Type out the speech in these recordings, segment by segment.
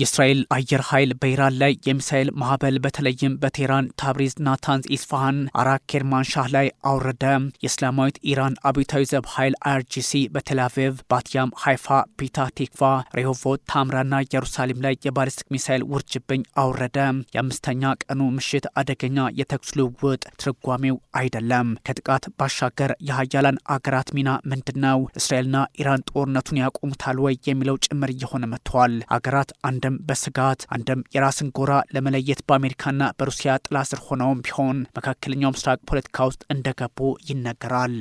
የእስራኤል አየር ኃይል በኢራን ላይ የሚሳኤል ማዕበል በተለይም በቴህራን፣ ታብሪዝ፣ ናታንዝ፣ ኢስፋሃን፣ አራክ፣ ኬርማን ሻህ ላይ አውረደ። የእስላማዊት ኢራን አብዮታዊ ዘብ ኃይል አይአርጂሲ በቴላቪቭ ባትያም፣ ሃይፋ፣ ፒታ ቲክቫ፣ ሬሆቮት፣ ታምራና ኢየሩሳሌም ላይ የባሊስቲክ ሚሳኤል ውርጅብኝ አውረደ። የአምስተኛ ቀኑ ምሽት አደገኛ የተኩስ ልውውጥ ትርጓሜው አይደለም። ከጥቃት ባሻገር የሀያላን አገራት ሚና ምንድን ነው? እስራኤልና ኢራን ጦርነቱን ያቆሙታል ወይ የሚለው ጭምር እየሆነ መጥተዋል። አገራት አንዱ አንድም በስጋት አንድም የራስን ጎራ ለመለየት በአሜሪካና በሩሲያ ጥላ ስር ሆነውም ቢሆን መካከለኛው ምስራቅ ፖለቲካ ውስጥ እንደገቡ ይነገራል።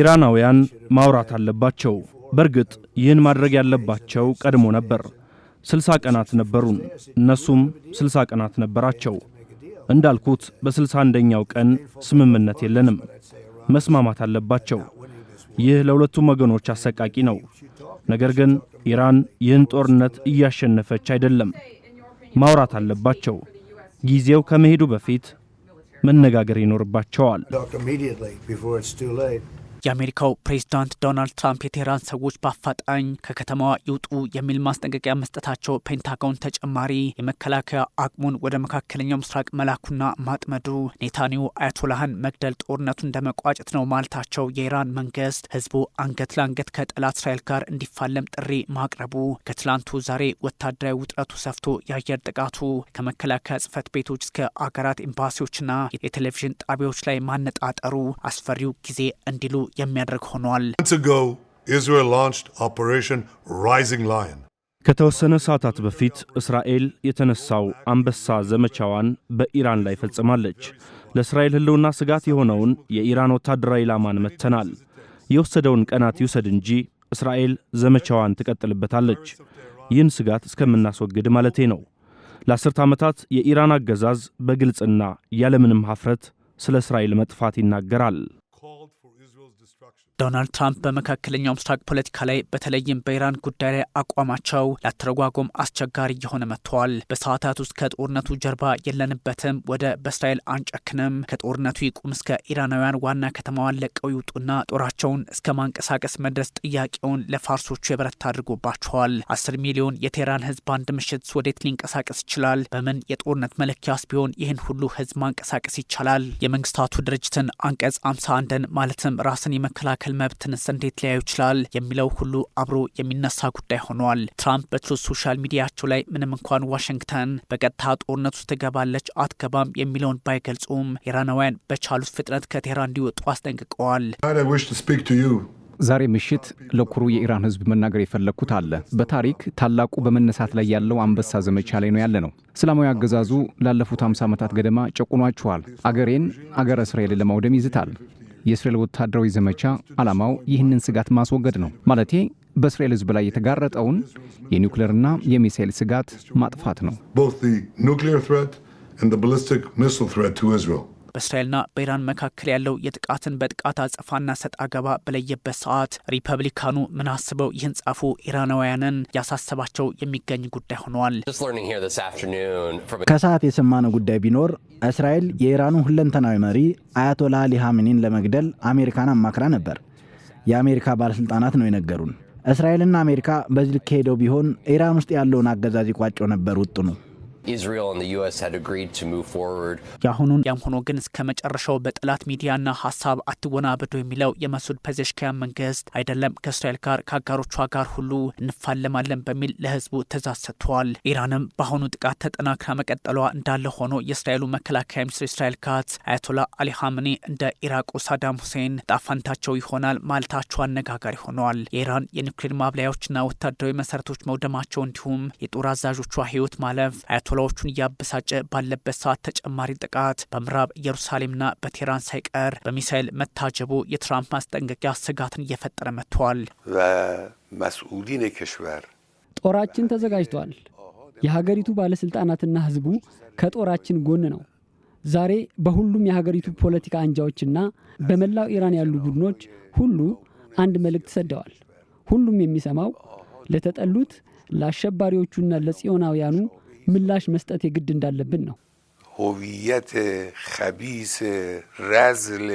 ኢራናውያን ማውራት አለባቸው። በእርግጥ ይህን ማድረግ ያለባቸው ቀድሞ ነበር። ስልሳ ቀናት ነበሩን፣ እነሱም ስልሳ ቀናት ነበራቸው። እንዳልኩት በስልሳ አንደኛው ቀን ስምምነት የለንም። መስማማት አለባቸው። ይህ ለሁለቱም ወገኖች አሰቃቂ ነው። ነገር ግን ኢራን ይህን ጦርነት እያሸነፈች አይደለም። ማውራት አለባቸው። ጊዜው ከመሄዱ በፊት መነጋገር ይኖርባቸዋል። የአሜሪካው ፕሬዚዳንት ዶናልድ ትራምፕ የቴህራን ሰዎች በአፋጣኝ ከከተማዋ ይውጡ የሚል ማስጠንቀቂያ መስጠታቸው ፔንታጎን ተጨማሪ የመከላከያ አቅሙን ወደ መካከለኛው ምስራቅ መላኩና ማጥመዱ ኔታንያሁ አያቶላህን መግደል ጦርነቱን እንደመቋጨት ነው ማለታቸው የኢራን መንግስት ህዝቡ አንገት ለአንገት ከጠላት እስራኤል ጋር እንዲፋለም ጥሪ ማቅረቡ ከትላንቱ ዛሬ ወታደራዊ ውጥረቱ ሰፍቶ የአየር ጥቃቱ ከመከላከያ ጽህፈት ቤቶች እስከ አገራት ኤምባሲዎችና የቴሌቪዥን ጣቢያዎች ላይ ማነጣጠሩ አስፈሪው ጊዜ እንዲሉ የሚያደርግ ሆኗል። ከተወሰነ ሰዓታት በፊት እስራኤል የተነሳው አንበሳ ዘመቻዋን በኢራን ላይ ፈጽማለች። ለእስራኤል ሕልውና ስጋት የሆነውን የኢራን ወታደራዊ ኢላማን መትተናል። የወሰደውን ቀናት ይውሰድ እንጂ እስራኤል ዘመቻዋን ትቀጥልበታለች። ይህን ስጋት እስከምናስወግድ ማለቴ ነው። ለአስርት ዓመታት የኢራን አገዛዝ በግልጽና ያለምንም ሐፍረት ስለ እስራኤል መጥፋት ይናገራል። ዶናልድ ትራምፕ በመካከለኛው ምስራቅ ፖለቲካ ላይ በተለይም በኢራን ጉዳይ ላይ አቋማቸው ላተረጓጎም አስቸጋሪ እየሆነ መጥተዋል። በሰዓታት ውስጥ ከጦርነቱ ጀርባ የለንበትም፣ ወደ በእስራኤል አንጨክንም፣ ከጦርነቱ ይቁም እስከ ኢራናውያን ዋና ከተማዋን ለቀው ይውጡና ጦራቸውን እስከ ማንቀሳቀስ መድረስ ጥያቄውን ለፋርሶቹ የበረታ አድርጎባቸዋል። አስር ሚሊዮን የቴህራን ህዝብ በአንድ ምሽት ወዴት ሊንቀሳቀስ ይችላል? በምን የጦርነት መለኪያስ ቢሆን ይህን ሁሉ ህዝብ ማንቀሳቀስ ይቻላል? የመንግስታቱ ድርጅትን አንቀጽ አምሳ ን ማለትም ራስን የመከላከል የመከላከል መብትንስ እንዴት ሊያዩ ይችላል የሚለው ሁሉ አብሮ የሚነሳ ጉዳይ ሆኗል። ትራምፕ በትሩዝ ሶሻል ሚዲያቸው ላይ ምንም እንኳን ዋሽንግተን በቀጥታ ጦርነት ውስጥ ትገባለች አትገባም የሚለውን ባይገልጹም ኢራናውያን በቻሉት ፍጥነት ከቴህራን እንዲወጡ አስጠንቅቀዋል። ዛሬ ምሽት ለኩሩ የኢራን ህዝብ መናገር የፈለግኩት አለ። በታሪክ ታላቁ በመነሳት ላይ ያለው አንበሳ ዘመቻ ላይ ነው ያለ ነው። እስላማዊ አገዛዙ ላለፉት 50 ዓመታት ገደማ ጨቁኗችኋል። አገሬን አገረ እስራኤልን ለማውደም ይዝታል። የእስራኤል ወታደራዊ ዘመቻ ዓላማው ይህንን ስጋት ማስወገድ ነው። ማለቴ በእስራኤል ሕዝብ ላይ የተጋረጠውን የኒውክሌርና የሚሳኤል ስጋት ማጥፋት ነው። በእስራኤልና በኢራን መካከል ያለው የጥቃትን በጥቃት አጸፋና ሰጥ አገባ በለየበት ሰዓት ሪፐብሊካኑ ምን አስበው ይህን ጻፉ ኢራናውያንን ያሳሰባቸው የሚገኝ ጉዳይ ሆኗል። ከሰዓት የሰማነው ጉዳይ ቢኖር እስራኤል የኢራኑ ሁለንተናዊ መሪ አያቶላ አሊ ለመግደል አሜሪካን አማክራ ነበር። የአሜሪካ ባለሥልጣናት ነው የነገሩን። እስራኤልና አሜሪካ በዚህ ልክ ሄደው ቢሆን ኢራን ውስጥ ያለውን አገዛዝ ይቋጨው ነበር ውጥኑ የአሁኑን ያም ሆኖ ግን እስከ መጨረሻው በጠላት ሚዲያና ሀሳብ አትወናበዱ የሚለው የመሱድ ፐዜሽኪያን መንግስት አይደለም ከእስራኤል ጋር ከአጋሮቿ ጋር ሁሉ እንፋለማለን በሚል ለህዝቡ ትእዛዝ ኢራንም በአሁኑ ጥቃት ተጠናክራ መቀጠሏ እንዳለ ሆኖ የእስራኤሉ መከላከያ ሚኒስትር እስራኤል ካትስ አያቶላ አሊ ሀምኔ እንደ ኢራቁ ሳዳም ሁሴን ጣፋንታቸው ይሆናል ማለታቸው አነጋጋሪ ሆኗል። የኢራን የኒውክሌር ማብለያዎችና ወታደራዊ መሰረቶች መውደማቸው እንዲሁም የጦር አዛዦቿ ህይወት ማለፍ አያቶላዎቹን እያበሳጨ ባለበት ሰዓት ተጨማሪ ጥቃት በምዕራብ ኢየሩሳሌምና በቴህራን ሳይቀር በሚሳኤል መታጀቡ የትራምፕ ማስጠንቀቂያ ስጋትን እየፈጠረ መጥቷል። መስኡሊን ጦራችን ተዘጋጅቷል። የሀገሪቱ ባለሥልጣናትና ህዝቡ ከጦራችን ጎን ነው። ዛሬ በሁሉም የሀገሪቱ ፖለቲካ አንጃዎችና በመላው ኢራን ያሉ ቡድኖች ሁሉ አንድ መልእክት ሰደዋል። ሁሉም የሚሰማው ለተጠሉት ለአሸባሪዎቹና ለጽዮናውያኑ ምላሽ መስጠት የግድ እንዳለብን ነው። ሆቪየት ከቢስ ረዝል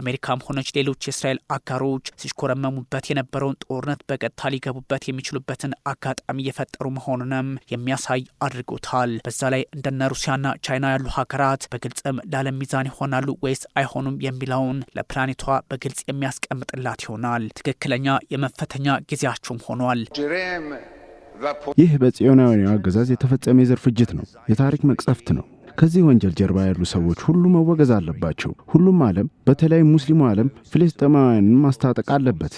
አሜሪካም ሆነች ሌሎች የእስራኤል አጋሮች ሲሽኮረመሙበት የነበረውን ጦርነት በቀጥታ ሊገቡበት የሚችሉበትን አጋጣሚ እየፈጠሩ መሆኑንም የሚያሳይ አድርጎታል። በዛ ላይ እንደነ ሩሲያና ቻይና ያሉ ሀገራት በግልጽም ለዓለም ሚዛን ይሆናሉ ወይስ አይሆኑም የሚለውን ለፕላኔቷ በግልጽ የሚያስቀምጥላት ይሆናል። ትክክለኛ የመፈተኛ ጊዜያቸውም ሆኗል። ይህ በጽዮናውያን አገዛዝ የተፈጸመ የዘር ፍጅት ነው፣ የታሪክ መቅሰፍት ነው። ከዚህ ወንጀል ጀርባ ያሉ ሰዎች ሁሉ መወገዝ አለባቸው። ሁሉም ዓለም በተለይ ሙስሊሙ ዓለም ፍልስጤማውያንን ማስታጠቅ አለበት።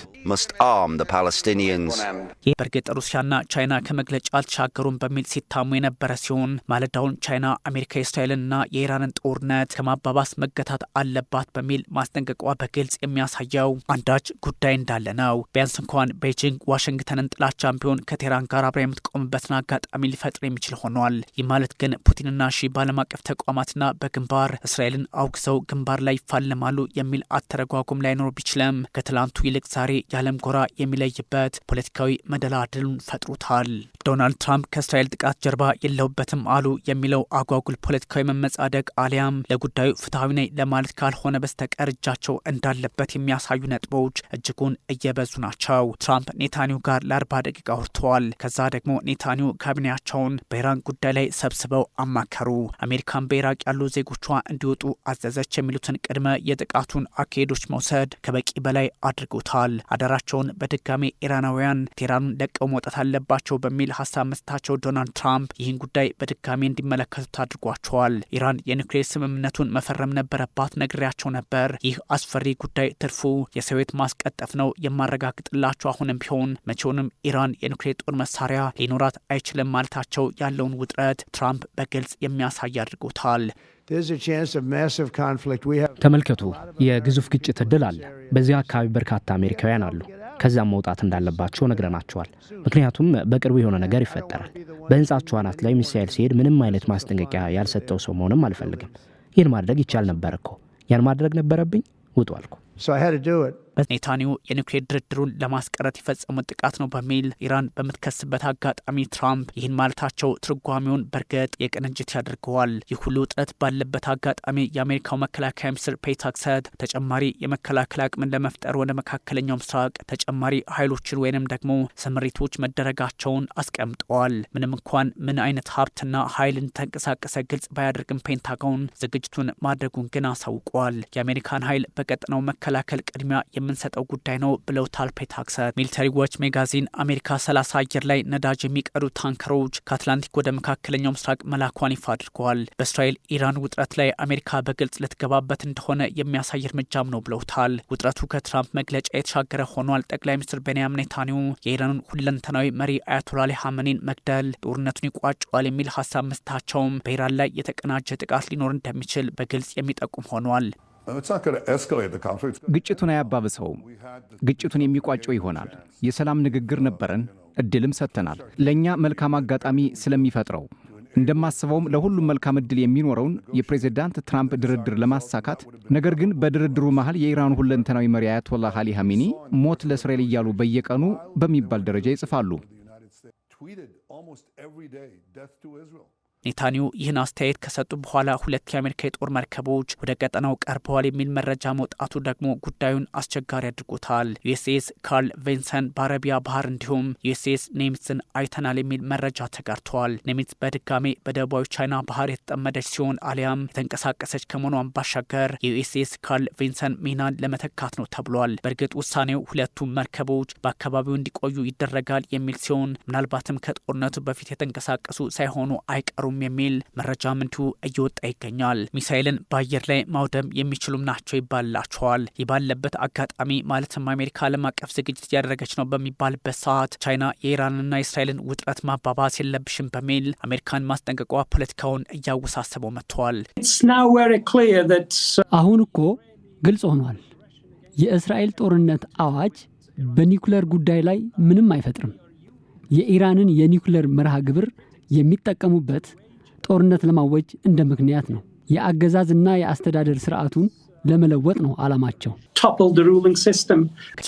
በእርግጥ ሩሲያና ቻይና ከመግለጫ አልተሻገሩም በሚል ሲታሙ የነበረ ሲሆን ማለዳውን ቻይና አሜሪካ የእስራኤልንና የኢራንን ጦርነት ከማባባስ መገታት አለባት በሚል ማስጠንቀቋ በግልጽ የሚያሳየው አንዳች ጉዳይ እንዳለ ነው። ቢያንስ እንኳን ቤጂንግ ዋሽንግተንን ጥላቻም ቢሆን ከቴህራን ጋር አብራ የምትቆምበትን አጋጣሚ ሊፈጥር የሚችል ሆኗል። ይህ ማለት ግን ፑቲንና ሺ ባለም አቀፍ ተቋማትና በግንባር እስራኤልን አውግዘው ግንባር ላይ ይፋለማሉ የሚል አተረጓጉም ላይኖር ቢችልም ከትላንቱ ይልቅ ዛሬ የዓለም ጎራ የሚለይበት ፖለቲካዊ መደላድሉን ፈጥሮታል። ዶናልድ ትራምፕ ከእስራኤል ጥቃት ጀርባ የለውበትም አሉ የሚለው አጓጉል ፖለቲካዊ መመጻደቅ አሊያም ለጉዳዩ ፍትሐዊ ነኝ ለማለት ካልሆነ በስተቀር እጃቸው እንዳለበት የሚያሳዩ ነጥቦች እጅጉን እየበዙ ናቸው። ትራምፕ ኔታንያሁ ጋር ለአርባ ደቂቃ አውርተዋል። ከዛ ደግሞ ኔታንያሁ ካቢኔያቸውን በኢራን ጉዳይ ላይ ሰብስበው አማከሩ። አሜሪካን በኢራቅ ያሉ ዜጎቿ እንዲወጡ አዘዘች የሚሉትን ቅድመ የጥቃቱን አካሄዶች መውሰድ ከበቂ በላይ አድርጎታል። አደራቸውን በድጋሜ ኢራናውያን ቴህራኑን ለቀው መውጣት አለባቸው በሚል ሀሳብ መስታቸው ዶናልድ ትራምፕ ይህን ጉዳይ በድጋሜ እንዲመለከቱት አድርጓቸዋል። ኢራን የኒውክሌር ስምምነቱን መፈረም ነበረባት፣ ነግሬያቸው ነበር። ይህ አስፈሪ ጉዳይ ትርፉ የሰውየት ማስቀጠፍ ነው የማረጋግጥላቸው። አሁንም ቢሆን መቼውንም ኢራን የኒውክሌር ጦር መሳሪያ ሊኖራት አይችልም ማለታቸው ያለውን ውጥረት ትራምፕ በግልጽ የሚያሳያል ያደርጉታል። ተመልከቱ፣ የግዙፍ ግጭት እድል አለ። በዚያ አካባቢ በርካታ አሜሪካውያን አሉ። ከዚያም መውጣት እንዳለባቸው ነግረናቸዋል። ምክንያቱም በቅርቡ የሆነ ነገር ይፈጠራል። በህንጻችሁ አናት ላይ ሚሳኤል ሲሄድ ምንም አይነት ማስጠንቀቂያ ያልሰጠው ሰው መሆንም አልፈልግም። ይህን ማድረግ ይቻል ነበር እኮ። ያን ማድረግ ነበረብኝ። ውጡ አልኩ። በኔታንያሁ የኒውክሌር ድርድሩን ለማስቀረት የፈጸሙት ጥቃት ነው በሚል ኢራን በምትከስበት አጋጣሚ ትራምፕ ይህን ማለታቸው ትርጓሜውን በእርግጥ የቅንጅት ያደርገዋል። ይህ ሁሉ ውጥረት ባለበት አጋጣሚ የአሜሪካው መከላከያ ሚኒስትር ፔታክሰድ ተጨማሪ የመከላከል አቅምን ለመፍጠር ወደ መካከለኛው ምስራቅ ተጨማሪ ኃይሎችን ወይንም ደግሞ ስምሪቶች መደረጋቸውን አስቀምጠዋል። ምንም እንኳን ምን አይነት ሀብትና ኃይል እንደተንቀሳቀሰ ግልጽ ባያደርግም ፔንታጎን ዝግጅቱን ማድረጉን ግን አሳውቋል። የአሜሪካን ኃይል በቀጠናው መከላከል ቅድሚያ የምንሰጠው ጉዳይ ነው ብለውታል ፔታክሰት። ሚሊተሪ ዎች ሜጋዚን አሜሪካ 30 አየር ላይ ነዳጅ የሚቀዱ ታንከሮች ከአትላንቲክ ወደ መካከለኛው ምስራቅ መላኳን ይፋ አድርገዋል። በእስራኤል ኢራን ውጥረት ላይ አሜሪካ በግልጽ ልትገባበት እንደሆነ የሚያሳይ እርምጃም ነው ብለውታል። ውጥረቱ ከትራምፕ መግለጫ የተሻገረ ሆኗል። ጠቅላይ ሚኒስትር ቤንያም ኔታንያሁ የኢራኑን ሁለንተናዊ መሪ አያቶላ አሊ ሀመኔን መግደል ጦርነቱን ይቋጨዋል የሚል ሀሳብ መስታቸውም በኢራን ላይ የተቀናጀ ጥቃት ሊኖር እንደሚችል በግልጽ የሚጠቁም ሆኗል። ግጭቱን አያባብሰውም። ግጭቱን የሚቋጨው ይሆናል። የሰላም ንግግር ነበረን፣ እድልም ሰጥተናል። ለእኛ መልካም አጋጣሚ ስለሚፈጥረው እንደማስበውም ለሁሉም መልካም እድል የሚኖረውን የፕሬዚዳንት ትራምፕ ድርድር ለማሳካት ነገር ግን በድርድሩ መሃል የኢራኑ ሁለንተናዊ መሪ አያቶላ አሊ ሐሚኒ ሞት ለእስራኤል እያሉ በየቀኑ በሚባል ደረጃ ይጽፋሉ። ኔታኒው ይህን አስተያየት ከሰጡ በኋላ ሁለት የአሜሪካ የጦር መርከቦች ወደ ቀጠናው ቀርበዋል የሚል መረጃ መውጣቱ ደግሞ ጉዳዩን አስቸጋሪ አድርጎታል። ዩኤስኤስ ካርል ቬንሰን በአረቢያ ባህር እንዲሁም ዩኤስኤስ ኔሚትስን አይተናል የሚል መረጃ ተጋርተዋል። ኔሚትስ በድጋሜ በደቡባዊ ቻይና ባህር የተጠመደች ሲሆን አሊያም የተንቀሳቀሰች ከመሆኗን ባሻገር የዩኤስኤስ ካርል ቬንሰን ሚናን ለመተካት ነው ተብሏል። በእርግጥ ውሳኔው ሁለቱም መርከቦች በአካባቢው እንዲቆዩ ይደረጋል የሚል ሲሆን ምናልባትም ከጦርነቱ በፊት የተንቀሳቀሱ ሳይሆኑ አይቀሩም አይችሉም የሚል መረጃ ምንቱ እየወጣ ይገኛል። ሚሳኤልን በአየር ላይ ማውደም የሚችሉም ናቸው ይባላቸዋል። ይህ ባለበት አጋጣሚ ማለትም አሜሪካ ዓለም አቀፍ ዝግጅት እያደረገች ነው በሚባልበት ሰዓት ቻይና የኢራንና የእስራኤልን ውጥረት ማባባስ የለብሽም በሚል አሜሪካን ማስጠንቀቋ ፖለቲካውን እያወሳሰበው መጥተዋል። uh, አሁን እኮ ግልጽ ሆኗል። የእስራኤል ጦርነት አዋጅ በኒውክለር ጉዳይ ላይ ምንም አይፈጥርም። የኢራንን የኒውክለር መርሃ ግብር የሚጠቀሙበት ጦርነት ለማወጅ እንደ ምክንያት ነው። የአገዛዝና የአስተዳደር ስርዓቱን ለመለወጥ ነው አላማቸው።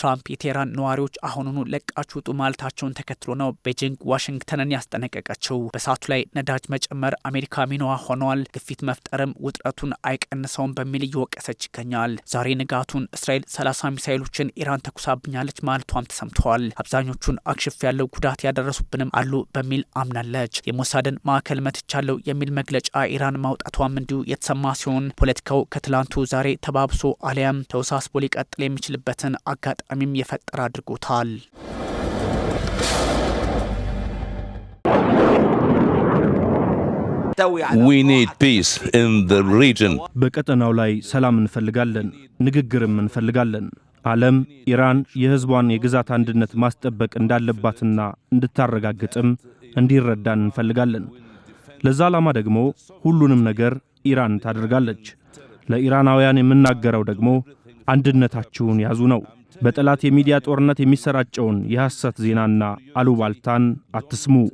ትራምፕ የቴህራን ነዋሪዎች አሁኑኑ ለቃችሁ ውጡ ማለታቸውን ተከትሎ ነው ቤጂንግ ዋሽንግተንን ያስጠነቀቀችው። በእሳቱ ላይ ነዳጅ መጨመር አሜሪካ ሚኖዋ ሆኗል፣ ግፊት መፍጠርም ውጥረቱን አይቀንሰውም በሚል እየወቀሰች ይገኛል። ዛሬ ንጋቱን እስራኤል 30 ሚሳይሎችን ኢራን ተኩሳብኛለች ማለቷም ተሰምተዋል። አብዛኞቹን አክሽፍ ያለው ጉዳት ያደረሱብንም አሉ በሚል አምናለች። የሞሳድን ማዕከል መትቻለው የሚል መግለጫ ኢራን ማውጣቷም እንዲሁ የተሰማ ሲሆን ፖለቲካው ከትላንቱ ዛሬ ተባብሶ አሊያም ተወሳስቦ ሊቀጥል የሚችልበትን አጋጣሚም የፈጠረ አድርጎታል። በቀጠናው ላይ ሰላም እንፈልጋለን፣ ንግግርም እንፈልጋለን። ዓለም ኢራን የሕዝቧን የግዛት አንድነት ማስጠበቅ እንዳለባትና እንድታረጋግጥም እንዲረዳን እንፈልጋለን። ለዛ ዓላማ ደግሞ ሁሉንም ነገር ኢራን ታደርጋለች። ለኢራናውያን የምናገረው ደግሞ አንድነታችሁን ያዙ ነው። በጠላት የሚዲያ ጦርነት የሚሰራጨውን የሐሰት ዜናና አሉባልታን አትስሙ።